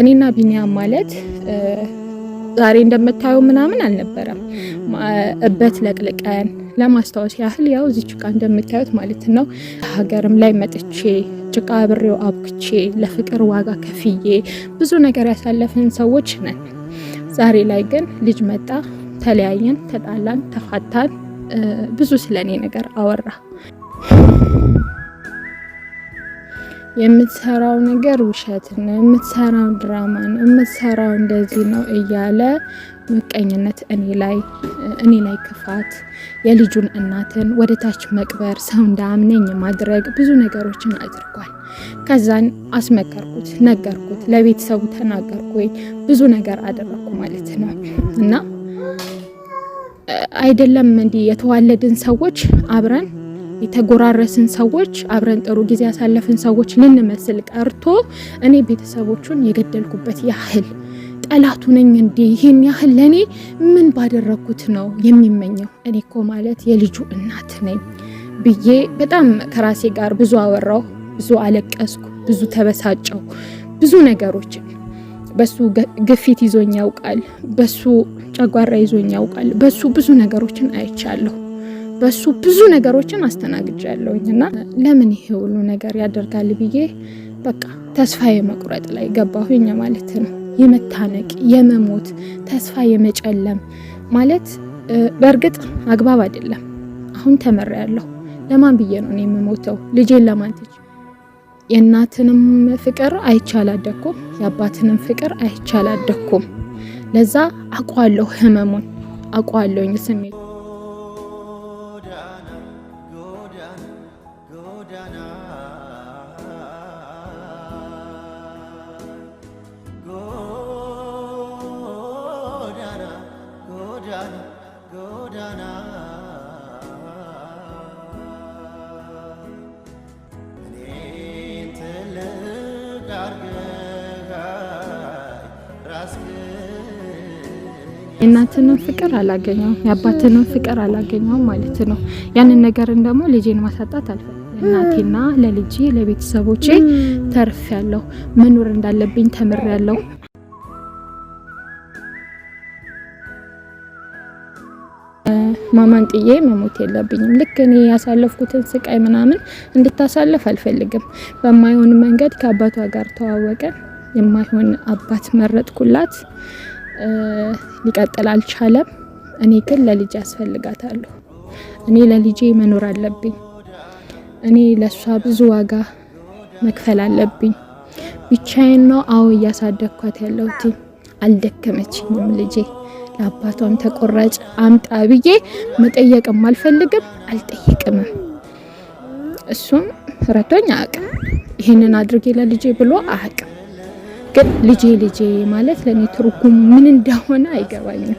እኔና ቢኒያም ማለት ዛሬ እንደምታየው ምናምን አልነበረም። እበት ለቅልቀን ለማስታወስ ያህል ያው እዚህ ጭቃ እንደምታዩት ማለት ነው። ሀገርም ላይ መጥቼ ጭቃ አብሬው አብክቼ ለፍቅር ዋጋ ከፍዬ ብዙ ነገር ያሳለፍን ሰዎች ነን። ዛሬ ላይ ግን ልጅ መጣ፣ ተለያየን፣ ተጣላን፣ ተፋታን፣ ብዙ ስለኔ ነገር አወራ። የምትሰራው ነገር ውሸት ነው፣ የምትሰራው ድራማ ነው፣ የምትሰራው እንደዚህ ነው እያለ ምቀኝነት፣ እኔ ላይ እኔ ላይ ክፋት፣ የልጁን እናትን ወደ ታች መቅበር፣ ሰው እንዳያምነኝ ማድረግ ብዙ ነገሮችን አድርጓል። ከዛን አስመከርኩት፣ ነገርኩት፣ ለቤተሰቡ ተናገርኩኝ፣ ብዙ ነገር አደረግኩ ማለት ነው እና አይደለም እንዲህ የተዋለድን ሰዎች አብረን የተጎራረስን ሰዎች አብረን ጥሩ ጊዜ ያሳለፍን ሰዎች ልንመስል ቀርቶ እኔ ቤተሰቦቹን የገደልኩበት ያህል ጠላቱ ነኝ እንዴ? ይህን ያህል ለእኔ ምን ባደረግኩት ነው የሚመኘው? እኔ እኮ ማለት የልጁ እናት ነኝ ብዬ በጣም ከራሴ ጋር ብዙ አወራሁ፣ ብዙ አለቀስኩ፣ ብዙ ተበሳጨው፣ ብዙ ነገሮችን በሱ ግፊት ይዞኝ ያውቃል። በሱ ጨጓራ ይዞኝ ያውቃል። በሱ ብዙ ነገሮችን አይቻለሁ። በሱ ብዙ ነገሮችን አስተናግጃ ያለውኝ እና ለምን ይሄ ሁሉ ነገር ያደርጋል ብዬ በቃ ተስፋ የመቁረጥ ላይ ገባሁኝ ማለት ነው። የመታነቅ የመሞት ተስፋ የመጨለም ማለት በእርግጥ አግባብ አይደለም። አሁን ተመሪያለሁ። ለማን ብዬ ነው እኔ የምሞተው? ልጄን ለማን የእናትንም ፍቅር አይቻላደኩም፣ የአባትንም ፍቅር አይቻላደኩም። ለዛ አቋለሁ፣ ህመሙን አቋለሁኝ ስሜት የእናትንም ፍቅር አላገኘውም፣ የአባትንም ፍቅር አላገኘውም ማለት ነው። ያንን ነገርን ደግሞ ልጄን ማሳጣት አልፈ እናቴና ለልጄ ለቤተሰቦቼ ተርፍ ያለው መኖር እንዳለብኝ ተምር ያለው ማማን ጥዬ መሞት የለብኝም። ልክ እኔ ያሳለፍኩትን ስቃይ ምናምን እንድታሳልፍ አልፈልግም። በማይሆን መንገድ ከአባቷ ጋር ተዋወቀን። የማይሆን አባት መረጥኩላት። ሊቀጥል አልቻለም። እኔ ግን ለልጄ ያስፈልጋታለሁ። እኔ ለልጄ መኖር አለብኝ። እኔ ለእሷ ብዙ ዋጋ መክፈል አለብኝ። ብቻዬን ነው አዎ እያሳደግኳት ያለሁት። አልደከመችኝም ልጄ። ለአባቷም ተቆራጭ አምጣ ብዬ መጠየቅም አልፈልግም አልጠይቅምም። እሱም ረቶኝ አያውቅም። ይህንን አድርጌ ለልጄ ብሎ አያውቅም። ግን ልጄ ልጄ ማለት ለእኔ ትርጉም ምን እንደሆነ አይገባኝም።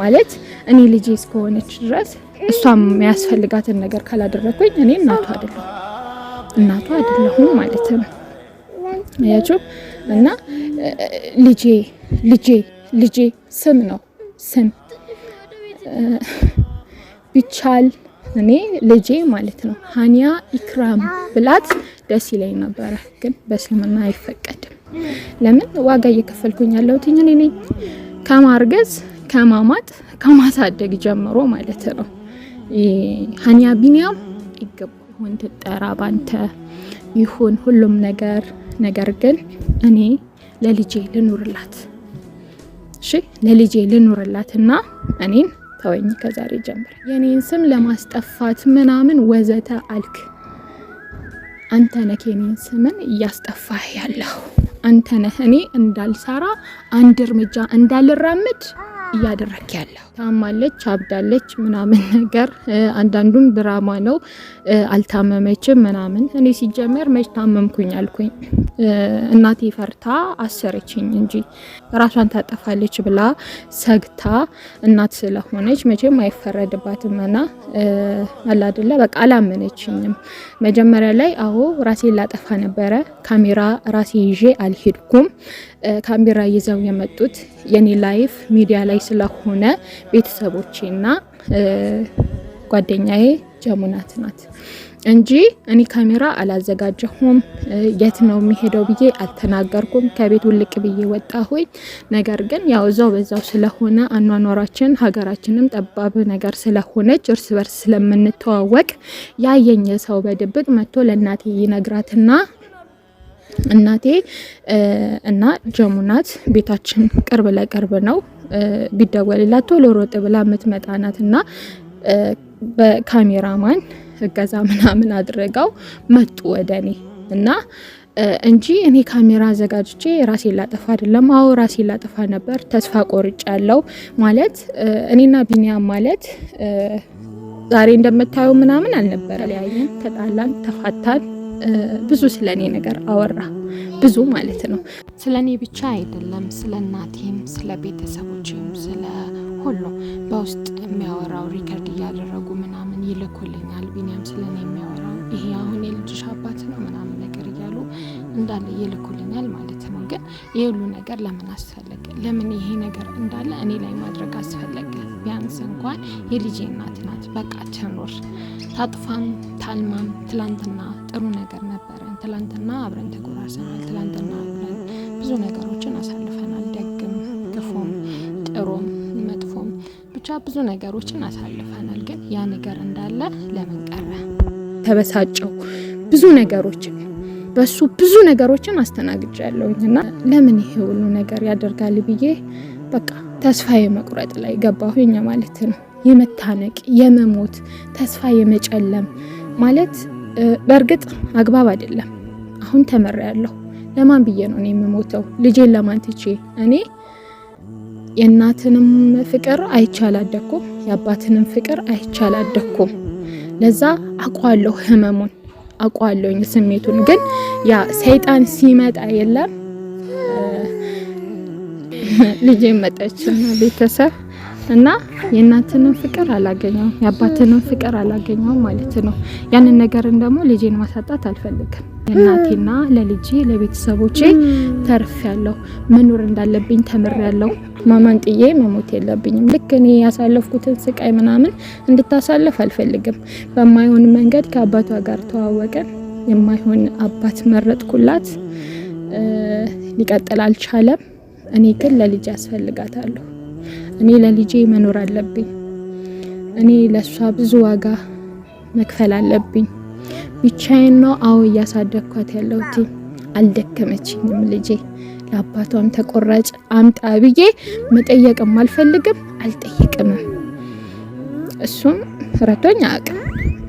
ማለት እኔ ልጄ እስከሆነች ድረስ እሷም የሚያስፈልጋትን ነገር ካላደረኩኝ እኔ እናቷ አይደለሁም እናቷ አይደለሁም ማለት ነው። ያችሁ እና ልጄ ልጄ ልጄ ስም ነው ስም ቢቻል እኔ ልጄ ማለት ነው ሀኒያ ኢክራም ብላት ደስ ይለኝ ነበረ፣ ግን በእስልምና አይፈቀድም። ለምን ዋጋ እየከፈልኩኝ ያለሁት እኔ ነኝ። ከማርገዝ ከማማጥ ከማሳደግ ጀምሮ ማለት ነው። ሀኒያ ቢኒያም ይገባ ወንድ ጠራ ባንተ ይሁን ሁሉም ነገር። ነገር ግን እኔ ለልጄ ልኑርላት፣ እሺ ለልጄ ልኑርላት እና እኔን ተወኝ። ከዛሬ ጀምር የኔን ስም ለማስጠፋት ምናምን ወዘተ አልክ። አንተ ነህ የኔን ስምን እያስጠፋህ ያለሁ አንተ ነህ እኔ እንዳልሰራ አንድ እርምጃ እንዳልራምድ እያደረክ ያለው ታማለች፣ አብዳለች ምናምን ነገር አንዳንዱም ድራማ ነው አልታመመችም ምናምን። እኔ ሲጀመር መች ታመምኩኝ አልኩኝ። እናቴ ፈርታ አሰረችኝ እንጂ ራሷን ታጠፋለች ብላ ሰግታ እናት ስለሆነች መቼም አይፈረድባትም። እና አላደለ በቃ አላመነችኝም መጀመሪያ ላይ። አዎ ራሴን ላጠፋ ነበረ ካሜራ ራሴ ይዤ አልሄድኩም። ካሜራ ይዘው የመጡት የኔ ላይፍ ሚዲያ ላይ ስለሆነ ቤተሰቦቼና ጓደኛዬ ጀሙናት ናት እንጂ እኔ ካሜራ አላዘጋጀሁም። የት ነው የሚሄደው ብዬ አልተናገርኩም። ከቤት ውልቅ ብዬ ወጣሁኝ። ነገር ግን ያው እዛው በዛው ስለሆነ አኗኗራችን፣ ሀገራችንም ጠባብ ነገር ስለሆነች እርስ በርስ ስለምንተዋወቅ ያየኝ ሰው በድብቅ መጥቶ ለእናቴ ይነግራትና እናቴ እና ጀሙናት ቤታችን ቅርብ ለቅርብ ነው። ቢደወልላት ቶሎ ሮጥ ብላ የምትመጣናት ናት እና በካሜራማን እገዛ ምናምን አድርገው መጡ ወደ እኔ እና እንጂ እኔ ካሜራ አዘጋጅቼ ራሴ ላጠፋ አይደለም። አዎ ራሴ ላጠፋ ነበር፣ ተስፋ ቆርጫ ያለው ማለት እኔና ቢኒያም ማለት ዛሬ እንደምታየው ምናምን አልነበረ። ተጣላን፣ ተፋታን ብዙ ስለ እኔ ነገር አወራ። ብዙ ማለት ነው። ስለ እኔ ብቻ አይደለም፣ ስለ እናቴም፣ ስለ ቤተሰቦችም፣ ስለ ሁሉ በውስጥ የሚያወራው ሪከርድ እያደረጉ ምናምን ይልኩልኛል። ቢኒያም ስለ እኔ የሚያወራው ይሄ አሁን የልጅሽ አባት ነው ምናምን ነገር እያሉ እንዳለ ይልኩልኛል ማለት ነው። ግን ይህ ሁሉ ነገር ለምን አስፈለገ? ለምን ይሄ ነገር እንዳለ እኔ ላይ ማድረግ አስፈለገ? ቢያንስ እንኳን የልጄ እናት ናት። በቃ ትኖር ታጥፋም ታልማም። ትላንትና ጥሩ ነገር ነበረን። ትላንትና አብረን ተጎራርሰናል። ትላንትና አብረን ብዙ ነገሮችን አሳልፈናል። ደግም፣ ክፉም፣ ጥሩም፣ መጥፎም ብቻ ብዙ ነገሮችን አሳልፈናል። ግን ያ ነገር እንዳለ ለምን ቀረ? ተበሳጨው ብዙ ነገሮችን በሱ ብዙ ነገሮችን አስተናግጃለሁኝ እና ለምን ይሄ ሁሉ ነገር ያደርጋል ብዬ በቃ ተስፋ የመቁረጥ ላይ ገባሁኝ ማለት ነው። የመታነቅ የመሞት ተስፋ የመጨለም ማለት በእርግጥ አግባብ አይደለም። አሁን ያለሁ ለማን ብዬ ነው እኔ የምሞተው? ልጄን ለማን ትቼ? እኔ የእናትንም ፍቅር አይቻላደኩም፣ የአባትንም ፍቅር አይቻላደኩም። ለዛ አቋለሁ፣ ህመሙን አውቃለሁኝ፣ ስሜቱን ግን ያ ሰይጣን ሲመጣ የለም ልጄ መጣችና ቤተሰብ እና የእናትንም ፍቅር አላገኘውም የአባትንም ፍቅር አላገኘውም ማለት ነው። ያንን ነገርን ደግሞ ልጄን ማሳጣት አልፈልግም። ለእናቴና ለልጄ ለቤተሰቦቼ ተርፍ ያለው መኖር እንዳለብኝ ተምር ያለው ማማን ጥዬ መሞት የለብኝም። ልክ እኔ ያሳለፍኩትን ስቃይ ምናምን እንድታሳልፍ አልፈልግም። በማይሆን መንገድ ከአባቷ ጋር ተዋወቅን። የማይሆን አባት መረጥኩላት። ሊቀጥል አልቻለም። እኔ ግን ለልጄ አስፈልጋታለሁ። እኔ ለልጄ መኖር አለብኝ። እኔ ለእሷ ብዙ ዋጋ መክፈል አለብኝ። ብቻዬን ነው አዎ እያሳደግኳት ያለሁት። አልደከመችኝም ልጄ። ለአባቷም ተቆራጭ አምጣ ብዬ መጠየቅም አልፈልግም አልጠይቅምም። እሱም ረቶኝ አያውቅም።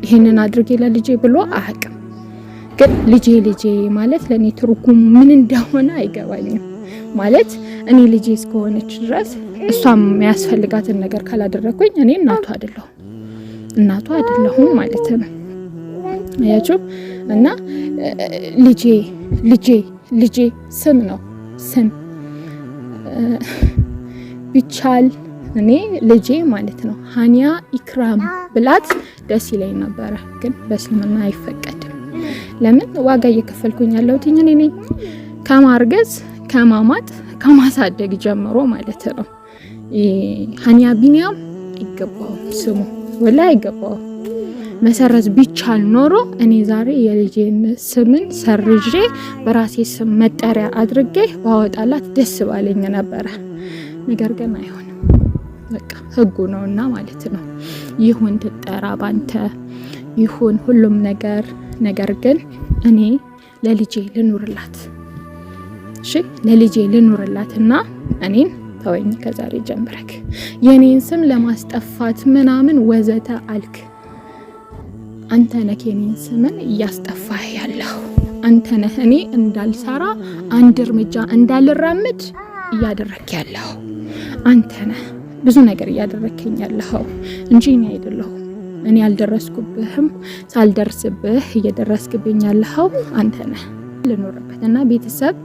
ይህንን አድርጌ ለልጄ ብሎ አያውቅም። ግን ልጄ ልጄ ማለት ለእኔ ትርጉሙ ምን እንደሆነ አይገባኝም። ማለት እኔ ልጄ እስከሆነች ድረስ እሷም የሚያስፈልጋትን ነገር ካላደረግኩኝ እኔ እናቱ አይደለሁም እናቱ አይደለሁም ማለት ነው። አያችሁ እና ልጄ ልጄ ልጄ ስም ነው ስም ቢቻል እኔ ልጄ ማለት ነው ሀኒያ ኢክራም ብላት ደስ ይለኝ ነበረ፣ ግን በእስልምና አይፈቀድም። ለምን ዋጋ እየከፈልኩኝ ያለሁት እኔ ከማርገዝ ከማማጥ ከማሳደግ ጀምሮ ማለት ነው። ሀኒያ ቢኒያም አይገባውም ስሙ ወላ አይገባውም። መሰረዝ ቢቻል ኖሮ እኔ ዛሬ የልጄን ስምን ሰርዤ በራሴ ስም መጠሪያ አድርጌ ባወጣላት ደስ ባለኝ ነበረ። ነገር ግን አይሆንም፣ በቃ ህጉ ነውና ማለት ነው። ይሁን ትጠራ ባንተ ይሁን ሁሉም ነገር ነገር ግን እኔ ለልጄ ልኑርላት እሺ ለልጄ ልኑርላትና እኔን ተወኝ ከዛሬ ጀምረክ የኔን ስም ለማስጠፋት ምናምን ወዘተ አልክ። አንተ ነህ የኔን ስምን እያስጠፋህ ያለሁ አንተ ነህ እኔ እንዳልሰራ አንድ እርምጃ እንዳልራምድ እያደረክ ያለሁ አንተ ነህ። ብዙ ነገር እያደረክኝ ያለኸው እንጂ እኔ አይደለሁ እኔ አልደረስኩብህም። ሳልደርስብህ እየደረስክብኝ ያለኸው አንተ ነህ። ልኖርበት እና ቤተሰብ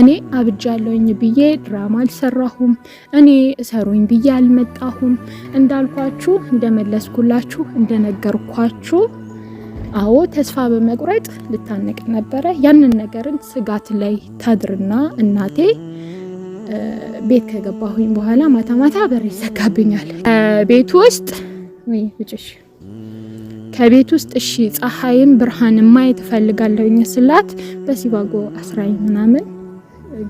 እኔ አብጃለሁኝ ብዬ ድራማ አልሰራሁም። እኔ እሰሩኝ ብዬ አልመጣሁም። እንዳልኳችሁ፣ እንደመለስኩላችሁ፣ እንደነገርኳችሁ አዎ ተስፋ በመቁረጥ ልታነቅ ነበረ። ያንን ነገርን ስጋት ላይ ታድርና እናቴ ቤት ከገባሁኝ በኋላ ማታ ማታ በር ይዘጋብኛል ቤቱ ውስጥ ውጭሽ ከቤት ውስጥ እሺ ፀሐይም ብርሃን ማየት እፈልጋለሁኝ ስላት በሲባጎ አስራኝ ምናምን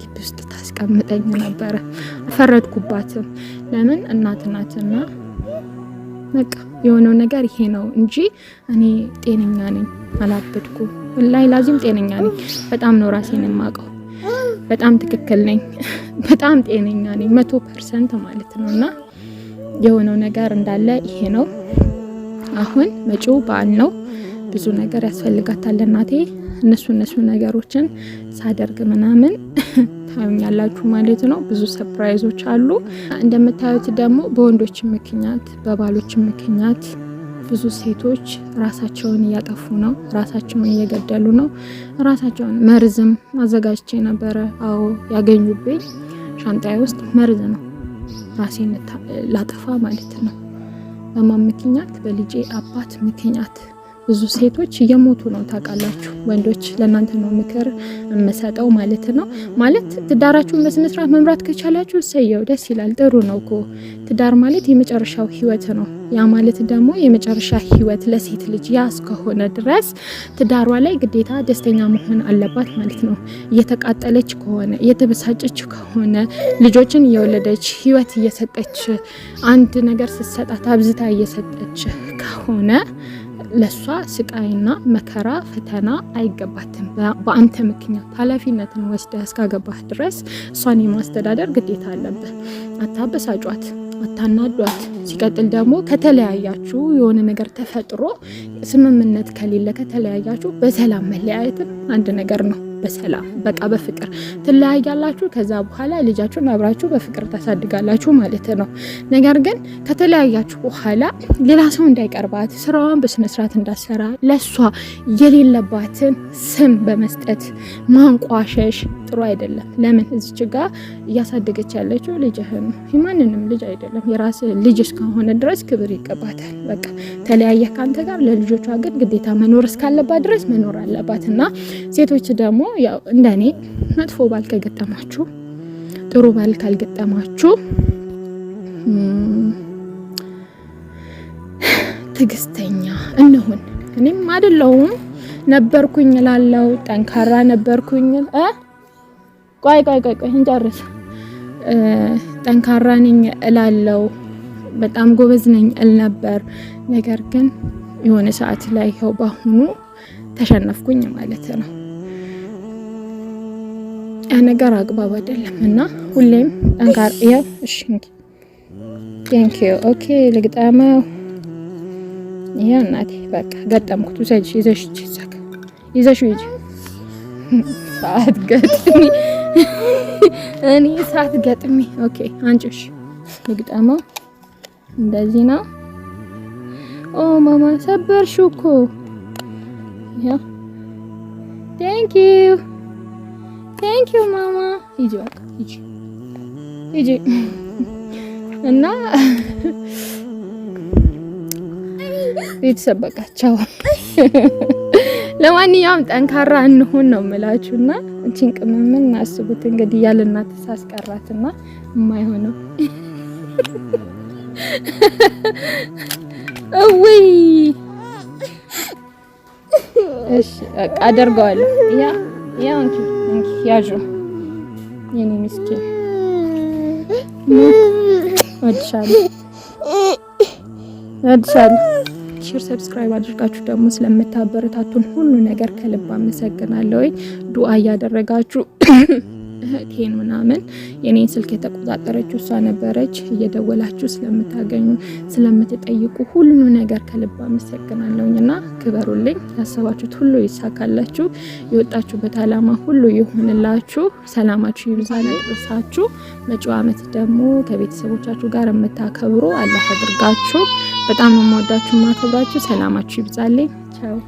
ግቢ ውስጥ ታስቀምጠኝ ነበረ። ፈረድኩባትም። ለምን እናት ናትና በቃ የሆነው ነገር ይሄ ነው እንጂ እኔ ጤነኛ ነኝ፣ አላበድኩ ላይ ላዚም ጤነኛ ነኝ። በጣም ነው ራሴን የማውቀው። በጣም ትክክል ነኝ። በጣም ጤነኛ ነኝ መቶ ፐርሰንት ማለት ነው። እና የሆነው ነገር እንዳለ ይሄ ነው። አሁን መጪው በዓል ነው። ብዙ ነገር ያስፈልጋታል እናቴ። እነሱ እነሱ ነገሮችን ሳደርግ ምናምን ታዩኛላችሁ ማለት ነው። ብዙ ሰርፕራይዞች አሉ። እንደምታዩት ደግሞ በወንዶች ምክንያት በባሎች ምክንያት ብዙ ሴቶች ራሳቸውን እያጠፉ ነው። ራሳቸውን እየገደሉ ነው። ራሳቸውን መርዝም አዘጋጅቼ ነበረ። አዎ ያገኙብኝ ሻንጣዬ ውስጥ መርዝ ነው። ራሴን ላጠፋ ማለት ነው። በማን ምክንያት? በልጄ አባት ምክንያት ብዙ ሴቶች እየሞቱ ነው ታውቃላችሁ። ወንዶች ለእናንተ ነው ምክር የምሰጠው ማለት ነው። ማለት ትዳራችሁን በስነስርዓት መምራት ከቻላችሁ ሰየው ደስ ይላል፣ ጥሩ ነው እኮ ትዳር ማለት የመጨረሻው ህይወት ነው። ያ ማለት ደግሞ የመጨረሻ ህይወት ለሴት ልጅ ያ እስከሆነ ድረስ ትዳሯ ላይ ግዴታ ደስተኛ መሆን አለባት ማለት ነው። እየተቃጠለች ከሆነ እየተበሳጨች ከሆነ ልጆችን እየወለደች ህይወት እየሰጠች አንድ ነገር ስትሰጣት አብዝታ እየሰጠች ከሆነ ለእሷ ስቃይና መከራ ፈተና አይገባትም። በአንተ ምክንያት ኃላፊነትን ወስደህ እስካገባህ ድረስ እሷን የማስተዳደር ግዴታ አለብህ። አታበሳጯት፣ አታናዷት። ሲቀጥል ደግሞ ከተለያያችሁ የሆነ ነገር ተፈጥሮ ስምምነት ከሌለ ከተለያያችሁ በሰላም መለያየትም አንድ ነገር ነው። በሰላም በቃ በፍቅር ትለያያላችሁ። ከዛ በኋላ ልጃችሁን አብራችሁ በፍቅር ታሳድጋላችሁ ማለት ነው። ነገር ግን ከተለያያችሁ በኋላ ሌላ ሰው እንዳይቀርባት፣ ስራዋን በስነስርዓት እንዳሰራ ለሷ የሌለባትን ስም በመስጠት ማንቋሸሽ ጥሩ አይደለም። ለምን እዚች ጋ እያሳደገች ያለችው ልጅህ ነው፣ የማንንም ልጅ አይደለም። የራስ ልጅ እስከሆነ ድረስ ክብር ይገባታል። በቃ ተለያየ ከአንተ ጋር ለልጆቿ ግን ግዴታ መኖር እስካለባት ድረስ መኖር አለባት። እና ሴቶች ደግሞ ያው እንደኔ መጥፎ ባል ከገጠማችሁ ጥሩ ባል ካልገጠማችሁ ትዕግስተኛ እንሁን። እኔም አይደለሁም ነበርኩኝ ላለው ጠንካራ ነበርኩኝ ቆይ ቆይ ቆይ ቆይ እንጨርስ። ጠንካራ ነኝ እላለው በጣም ጎበዝ ነኝ እል ነበር። ነገር ግን የሆነ ሰዓት ላይ ይኸው ባሁኑ ተሸነፍኩኝ ማለት ነው። ያ ነገር አግባብ አይደለም እና ሁሌም ጠንካራ ያው እሺ ቴንክ ዩ ኦኬ ልግጠመው። ይሄ እናቴ በቃ ገጠምኩት። ውሰጅ ይዘሽ ይዘሽ ይዘሽ ሰዓት ገጥሚ እኔ እሳት ገጥሜ ኦኬ፣ አንጭሽ እንደዚህ ነው። ኦ ማማ ሰበርሽው እኮ ቴንክ ዩ ቴንክ ዩ ማማ። ሂጂ በቃ ሂጂ ሂጂ። እና ቤተሰብ በቃ ቻው። ለማንኛውም ጠንካራ እንሆን ነው የምላችሁና እቺን ቅመምን አስቡት እንግዲህ ያለ እናት ሳስቀራትና የማይሆነው እውይ እሺ አደርገዋለሁ። ያ ያ አንቺ አንቺ ያጁ የኔ ምስኪን ወድሻለሁ፣ ወድሻለሁ ላይክ፣ ሼር፣ ሰብስክራይብ አድርጋችሁ ደግሞ ስለምታበረታቱን ሁሉ ነገር ከልብ አመሰግናለሁ። ዱአ እያደረጋችሁ እህቴን ምናምን የኔን ስልክ የተቆጣጠረችው እሷ ነበረች። እየደወላችሁ ስለምታገኙ ስለምትጠይቁ ሁሉ ነገር ከልብ አመሰግናለሁኝ እና ክበሩልኝ። ያሰባችሁት ሁሉ ይሳካላችሁ። የወጣችሁበት አላማ ሁሉ ይሆንላችሁ። ሰላማችሁ ይብዛል እርሳችሁ። መጪው አመት ደግሞ ከቤተሰቦቻችሁ ጋር የምታከብሩ አላህ አድርጋችሁ በጣም የምወዳችሁ ማክብራችሁ። ሰላማችሁ ይብዛልኝ። ቻው።